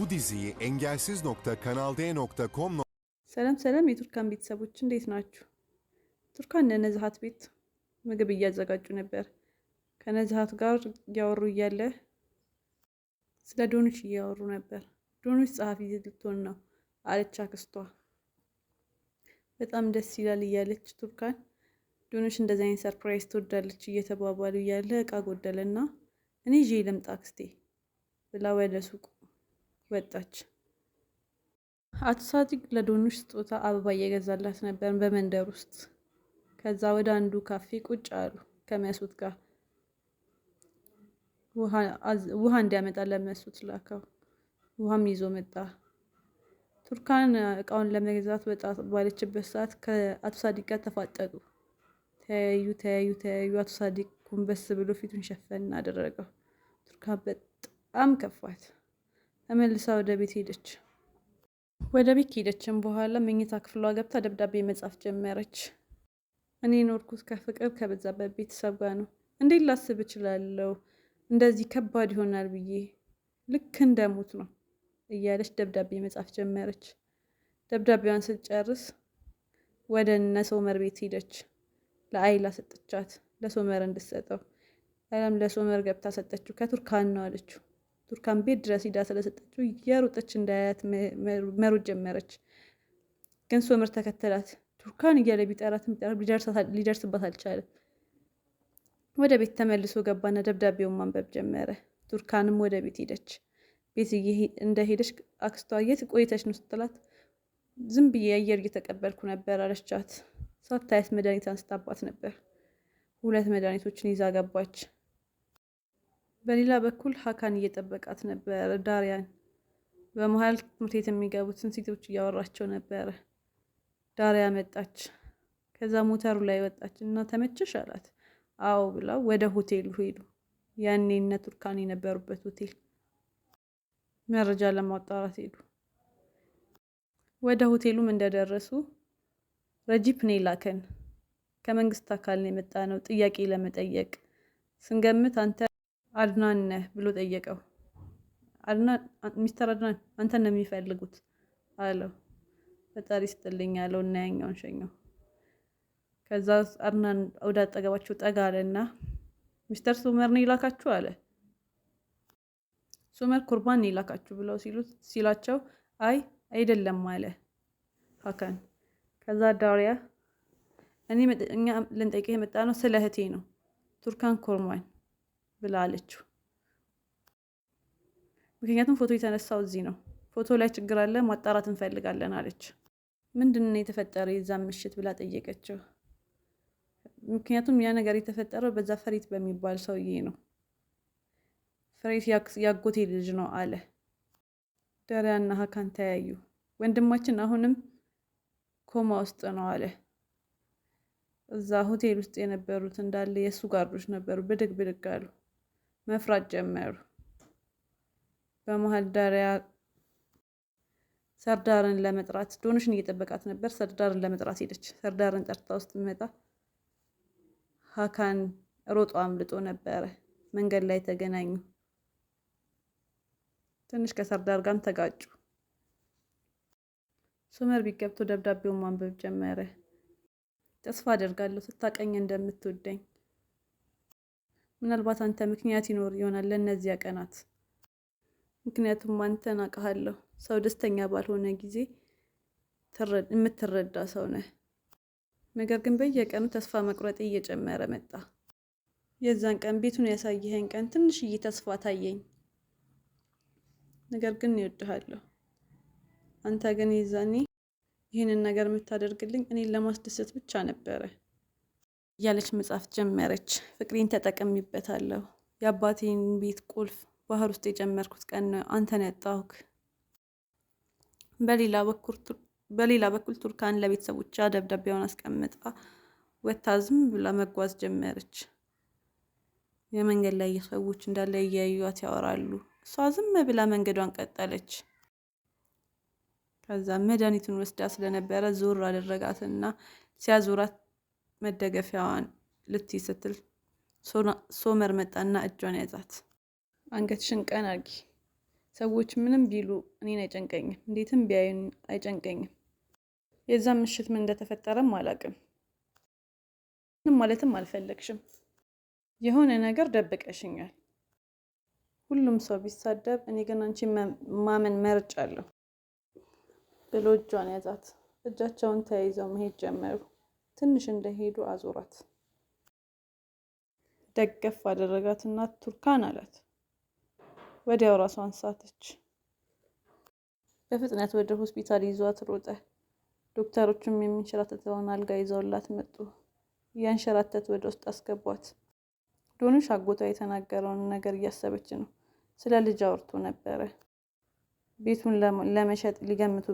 Bu diziyi engelsiz.kanalde.com ሰላም ሰላም የቱርካን ቤተሰቦች እንዴት ናችሁ? ቱርካን ነነዝሀት ቤት ምግብ እያዘጋጁ ነበር። ከነዝሀት ጋር እያወሩ እያለ ስለ ዶኖች እያወሩ ነበር። ዶኖች ጸሐፊ ልትሆን ነው አለች አክስቷ። በጣም ደስ ይላል እያለች ቱርካን ዶኖች እንደዚህ አይነት ሰርፕራይዝ ትወዳለች እየተባባሉ እያለ እቃ ጎደለና እኔ ይዤ ልምጣ አክስቴ ብላ ወደ ሱቁ ወጣች። አቶ ሳዲቅ ለዶኖች ስጦታ አበባ እየገዛላት ነበር በመንደር ውስጥ። ከዛ ወደ አንዱ ካፌ ቁጭ አሉ ከመስዑድ ጋር ውሃ እንዲያመጣ ለመስዑድ ላከው። ውሃም ይዞ መጣ። ቱርካን እቃውን ለመግዛት ወጣ ባለችበት ሰዓት ከአቶ ሳዲቅ ጋር ተፋጠጡ። ተያዩ ተያዩ ተያዩ። አቶ ሳዲቅ ኩንበስ ብሎ ፊቱን ሸፈን አደረገው። ቱርካን በጣም ከፋት። መልሳ ወደ ቤት ሄደች። ወደ ቤት ከሄደችም በኋላ መኝታ ክፍሏ ገብታ ደብዳቤ መጻፍ ጀመረች። እኔ ኖርኩት ከፍቅር ከበዛበት ቤተሰብ ጋር ነው። እንዴት ላስብ እችላለሁ? እንደዚህ ከባድ ይሆናል ብዬ ልክ እንደሞት ነው እያለች ደብዳቤ መጻፍ ጀመረች። ደብዳቤዋን ስትጨርስ ወደ እነ ሶመር ቤት ሄደች። ለአይላ ሰጠቻት፣ ለሶመር እንድትሰጠው። አይላም ለሶመር ገብታ ሰጠችው። ከቱርካን ነው አለችው። ቱርካን ቤት ድረስ ሂዳ ስለሰጠችው እየሮጠች እንዳያት መሮጥ ጀመረች። ግን ሶመር ተከተላት። ቱርካን እያለ ቢጠራት ሊደርስባት አልቻለም። ወደ ቤት ተመልሶ ገባና ደብዳቤውን ማንበብ ጀመረ። ቱርካንም ወደ ቤት ሄደች። ቤት እንደሄደች አክስቷ የት ቆይተች ነው ስትላት፣ ዝም ብዬ አየር እየተቀበልኩ ነበር አለቻት። ሳታያት መድኃኒት አንስታባት ነበር። ሁለት መድኃኒቶችን ይዛ ገባች። በሌላ በኩል ሀካን እየጠበቃት ነበረ። ዳሪያን በመሀል ትምህርት ቤት የሚገቡትን ሴቶች እያወራቸው ነበረ። ዳሪያ መጣች። ከዛ ሞተሩ ላይ ወጣች እና ተመቸሽ አላት። አዎ ብላ ወደ ሆቴሉ ሄዱ። ያኔ እነ ቱርካን የነበሩበት ሆቴል መረጃ ለማጣራት ሄዱ። ወደ ሆቴሉም እንደደረሱ ረጂፕ ነው የላከን ከመንግስት አካል ነው የመጣ ነው ጥያቄ ለመጠየቅ ስንገምት አንተ አድናን ነህ ብሎ ጠየቀው። አድናን ሚስተር አድናን አንተን ነው የሚፈልጉት አለው። ፈጣሪ ስጥልኝ አለው እና ያኛውን ሸኘው። ከዛ አድናን ወደ አጠገባቸው ጠጋ አለ እና ሚስተር ሱመር ነው ይላካችሁ አለ። ሱመር ኩርባን ነው ይላካችሁ ብለው ሲሉት ሲላቸው አይ አይደለም አለ ሀካን። ከዛ ዳሪያ እኔ እኛ ልንጠይቅህ የመጣ ነው ስለ እህቴ ነው ቱርካን ኮርማን ብላ አለችው። ምክንያቱም ፎቶ የተነሳው እዚህ ነው። ፎቶ ላይ ችግር አለ፣ ማጣራት እንፈልጋለን አለች። ምንድን ነው የተፈጠረ የዛን ምሽት ብላ ጠየቀችው። ምክንያቱም ያ ነገር የተፈጠረው በዛ ፈሪት በሚባል ሰውዬ ነው። ፍሬት ያጎቴ ልጅ ነው አለ። ደሪያና ሀካን ተያዩ። ወንድማችን አሁንም ኮማ ውስጥ ነው አለ። እዛ ሆቴል ውስጥ የነበሩት እንዳለ የእሱ ጋርዶች ነበሩ። ብድግ ብድግ አሉ። መፍራት ጀመሩ። በመሀል ዳሪያ ሰርዳርን ለመጥራት ዶንሽን እየጠበቃት ነበር። ሰርዳርን ለመጥራት ሄደች። ሰርዳርን ጠርታ ውስጥ መጣ ሀካን ሮጦ አምልጦ ነበረ። መንገድ ላይ ተገናኙ። ትንሽ ከሰርዳር ጋርም ተጋጩ። ሱመር ቢገብቶ ደብዳቤውን ማንበብ ጀመረ። ተስፋ አደርጋለሁ ስታቀኝ እንደምትወደኝ ምናልባት አንተ ምክንያት ይኖር ይሆናል ለእነዚያ ቀናት። ምክንያቱም አንተን አውቃሃለሁ፣ ሰው ደስተኛ ባልሆነ ጊዜ የምትረዳ ሰው ነህ። ነገር ግን በየቀኑ ተስፋ መቁረጥ እየጨመረ መጣ። የዛን ቀን ቤቱን ያሳየኸኝ ቀን ትንሽዬ ተስፋ ታየኝ። ነገር ግን እወድሃለሁ። አንተ ግን የዛኔ ይህንን ነገር የምታደርግልኝ እኔን ለማስደሰት ብቻ ነበረ። እያለች መጻፍ ጀመረች። ፍቅሬን ተጠቀሚበታለሁ የአባቴን ቤት ቁልፍ ባህር ውስጥ የጀመርኩት ቀን ነው አንተን ያጣሁክ። በሌላ በኩል ቱርካን ለቤተሰቦቿ ደብዳቤውን አስቀምጣ ወታ ዝም ብላ መጓዝ ጀመረች። የመንገድ ላይ ሰዎች እንዳለ እያዩት ያወራሉ። እሷ ዝም ብላ መንገዷን ቀጠለች። ከዛ መድኃኒቱን ወስዳ ስለነበረ ዞር አደረጋትና ሲያዞራት መደገፊያዋን ልትይ ስትል ሶመር መጣና እጇን ያዛት። አንገትሽን ቀን አርጊ። ሰዎች ምንም ቢሉ እኔን አይጨንቀኝም፣ እንዴትም ቢያዩን አይጨንቀኝም። የዛ ምሽት ምን እንደተፈጠረም አላውቅም። ምንም ማለትም አልፈለግሽም። የሆነ ነገር ደብቀሽኛል። ሁሉም ሰው ቢሳደብ፣ እኔ ግን አንቺ ማመን መርጫለሁ ብሎ እጇን ያዛት። እጃቸውን ተያይዘው መሄድ ጀመሩ። ትንሽ እንደሄዱ አዞራት። ደገፍ እና ቱርካን አላት። ወዲያው ራሷን ሳተች። በፍጥነት ወደ ሆስፒታል ይዟት ሮጠ። ዶክተሮቹም የሚንሸራተተውን አልጋ ይዘውላት መጡ። እያንሸራተት ወደ ውስጥ አስገቧት። ዶንሽ አጎቷ የተናገረውን ነገር እያሰበች ነው። ስለ ልጅ አውርቶ ነበረ። ቤቱን ለመሸጥ ሊገምቱ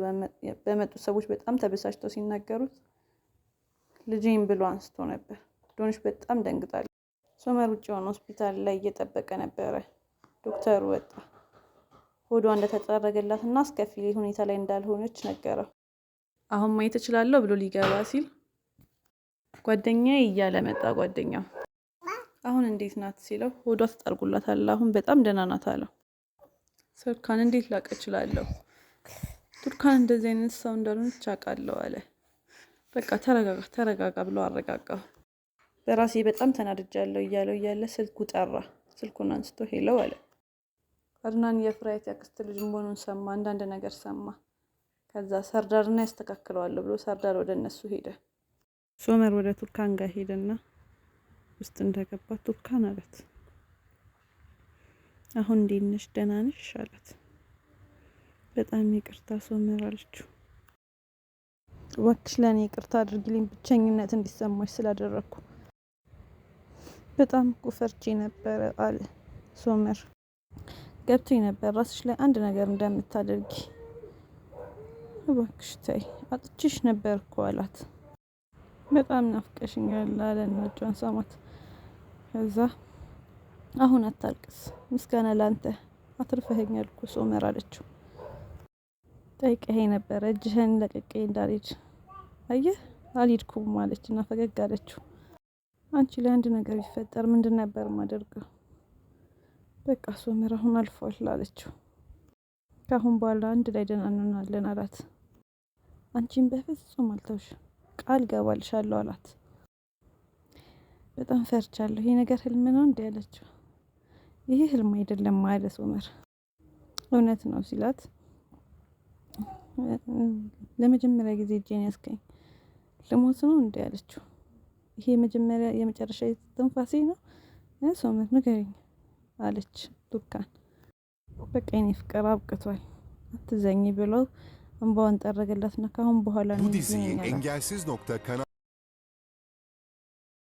በመጡ ሰዎች በጣም ተበሳጭተው ሲናገሩት ልጄን ብሎ አንስቶ ነበር። ዶንሽ በጣም ደንግጣለች። ሶመር የሆነ ሆስፒታል ላይ እየጠበቀ ነበረ። ዶክተሩ ወጣ። ሆዷ እንደተጠረገላት እና አስከፊ ሁኔታ ላይ እንዳልሆነች ነገረው። አሁን ማየት እችላለሁ ብሎ ሊገባ ሲል ጓደኛዬ እያለ መጣ። ጓደኛው አሁን እንዴት ናት ሲለው ሆዷ ተጠርጉላታል፣ አሁን በጣም ደህና ናት አለው። ሰርካን እንዴት ላቅ እችላለሁ? ቱርካን እንደዚህ አይነት ሰው እንዳልሆነች አውቃለሁ አለ። በቃ ተረጋጋ ተረጋጋ ብሎ አረጋጋሁ። በራሴ በጣም ተናድጃለሁ እያለው እያለ ስልኩ ጠራ። ስልኩን አንስቶ ሄለው አለ። አድናን የፍራይት ያክስት ልጅ መሆኑን ሰማ። አንዳንድ ነገር ሰማ። ከዛ ሰርዳርና ያስተካክለዋለሁ ብሎ ሰርዳር ወደ እነሱ ሄደ። ሶመር ወደ ቱርካን ጋር ሄደና ውስጥ እንደገባ ቱርካን አለት አሁን እንዴት ነሽ? ደህና ነሽ? አላት። በጣም ይቅርታ ሶመር አለችው። እባክሽ ለእኔ ይቅርታ አድርጊልኝ፣ ብቸኝነት እንዲሰማሽ ስላደረግኩ በጣም ቁፈርቼ ነበረ አለ ሶመር። ገብቶኝ ነበር ራስሽ ላይ አንድ ነገር እንደምታደርጊ። እባክሽ ተይ፣ አጥችሽ ነበር እኮ አላት። በጣም ናፍቀሽኛል አለ እና እጇን ከዛ አሁን አታልቅስ፣ ምስጋና ላንተ አትርፈኸኛል እኮ ሶመር አለችው። ጠይቄህ ነበረ እጅህን ለቅቄ እንዳልሄድ አየህ አልሄድኩም እና ፈገግ አለችው። አንቺ ላይ አንድ ነገር ቢፈጠር ምንድን ነበር ማደርገው? በቃ ሶመር አሁን አልፏል አለችው። ከአሁን በኋላ አንድ ላይ ደህና እንሆናለን አላት። አንቺን በፍጹም አልተውሽ ቃል ገባልሻለሁ አላት። በጣም ፈርቻለሁ። ይሄ ነገር ህልም ነው እንዲ አለችው። ይሄ ህልም አይደለም አለ ሶመር። እውነት ነው ሲላት ለመጀመሪያ ጊዜ እጄን ያስቀኝ ልሞት ነው እንዲ ያለችው። ይሄ የመጀመሪያ የመጨረሻ ትንፋሴ ነው ሰውነት ንገረኝ አለች ዱካን። በቃ የኔ ፍቅር አብቅቷል አትዘኝ ብሎ እንባዋን ጠረገላትና ካሁን በኋላ ነው